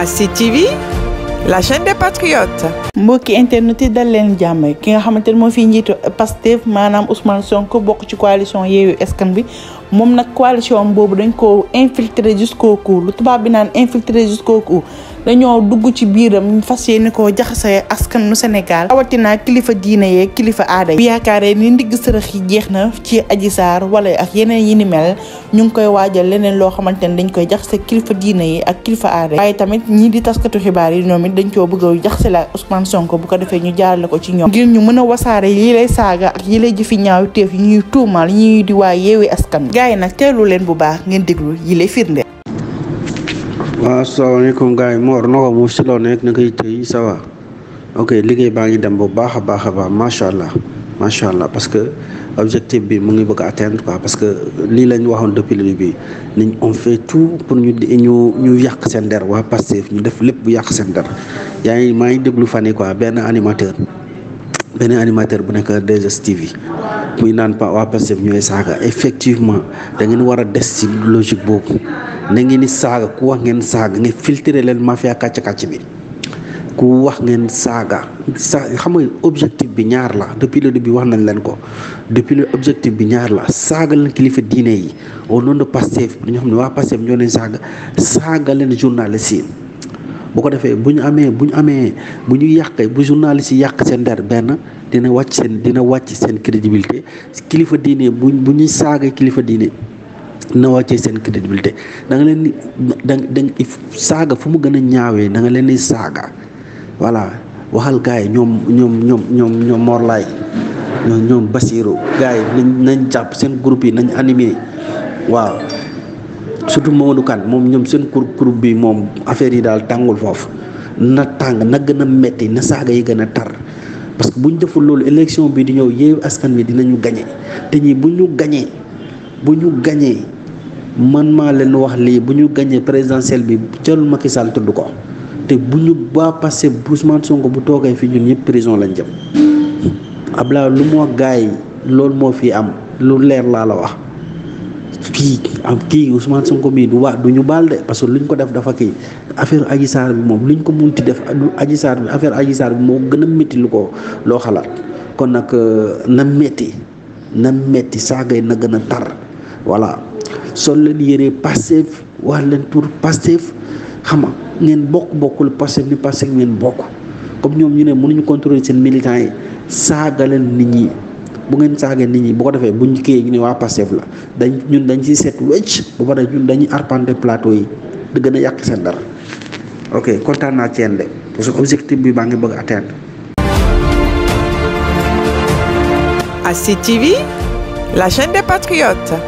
à CTV la chaîne des patriotes. mbokki internet yi dal leen jàmm ki nga xamante ne moo fi njiitu Pastef maanaam Ousmane Sonko bokk ci coalition Yewwi Askan Wi moom nag coalition boobu dañ ko infiltrer jusqu'au kooku lu tubaab bi naan infiltrer jusqu'au cou dañoo dugg ci biiram fas yéene koo jaxasee askanu senegal Sénégal rawatina kilifa diine yeeg kilifa aada yi bu yaakaaree ni ndigg sërëx yi jeex na ci Adji Sarr wala ak yeneen yi ni ñu ngi koy waajal leneen loo xamante ne dañ koy jaxase kilifa diine yi ak kilifa aada waaye tamit ñii di taskatu xibaar yi ñoom it dañ koo bëgg a jaxase la Ousmane Sonko bu ko defee ñu jaarale ko ci ñoom ngir ñu mën a wasaare yi lay saaga ak yi lay jëfi ñaaw teef yi ñuy tuumal ñuy di waa yeewi askan gars yi nag teelu leen bu baax ngeen déglu yi lay firnde. waaw asalaamaaleykum gars yi Mor naka mu si loo nekk na koy tey ça ok liggéey baa ngi dem bu baax a baax a baax macha allah macha allah parce que objectif bi mu ngi bëgg atteindre ko parce que lii lañ waxoon depuis le bi niñ on fait tout pour ñu ñu ñu yàq seen der waa Pastef ñu def lépp bu yàq seen der yaa ngi maa ngi déglu fan yi benn animateur. beneen animateur bu nekk 2STV muy naan pa waa Pastef ñooy saaga effectivement da ngeen war a des ci logique boobu na ngeen di saaga ku wax ngeen saaga nga filtrer leen mafia kàcc kàcc bi ku wax ngeen saaga sa xam nga objectif bi ñaar la depuis le début wax nañ leen ko depuis le objectif bi ñaar la saaga leen kilifa diine yi au nom de Pastef dañoo xam ne waa Pastef ñoo leen saaga saaga leen journaliste yi bu ko defee bu ñu amee bu ñu amee bu ñu yàqee bu journaliste yi yàq seen der benn dina wàcc seen dina wàcc seen crédibilité kilifa diine bu bu ñuy saaga kilifa diine na wàccee seen crédibilité da nga leen da da saaga fu mu gën a ñaawee da nga leen di saaga voilà waxal gars yi ñoom ñoom ñoom ñoom ñoom Morlaay ñoom Basiiru gars yi nañ jàpp seen groupe yi nañ animé waaw surtout Mamadou Kane moom ñoom seen kur groupe bi moom affaire yi daal tàngul foofu na tàng na gën a metti na saaga yi gën a tar parce que bu ñu deful loolu élection bi di ñëw yeewu askan wi dinañu gañe te ñii bu ñu gañee bu ñu gañee man maa leen wax lii bu ñu gañee présidentielle bi jarul Macky Sall tudd ko te bu ñu ba passé Ousmane Sonko bu toogee fi ñun ñëpp prison lañ jëm Abdoulaye lu mu wax gars yi loolu moo fi am lu leer laa la wax. kii am kii Ousmane Sonko mii du waa du ñu baal de parce que luñ ko def dafa kii affaire Adji bi moom luñ ko munti def Adji Sarr bi affaire Adji Sarr bi moo gën a métti lu ko loo xalaat kon nag euh, na métti na métti saagay na gën a tar voilà sol leen yére Pastef wax leen pour Pastef xam nga ngeen bokk bokkul Pastef ni Pastef ngeen bokk comme ñoom ñu ne ñu contrôler seen militants yi saaga leen nit ñi. bu ngeen saagee nit ñi bu ko defee buñ kii ñu ne waa Pastef la dañ ñun dañ ciy seet wécc ba pare ñun dañuy arpenter plateau yi di gën a yàq seen dara ok kontaan naa ci de parce que objectif bi baa ngi bëgg atteindre. ASID TV la chaîne des patriotes.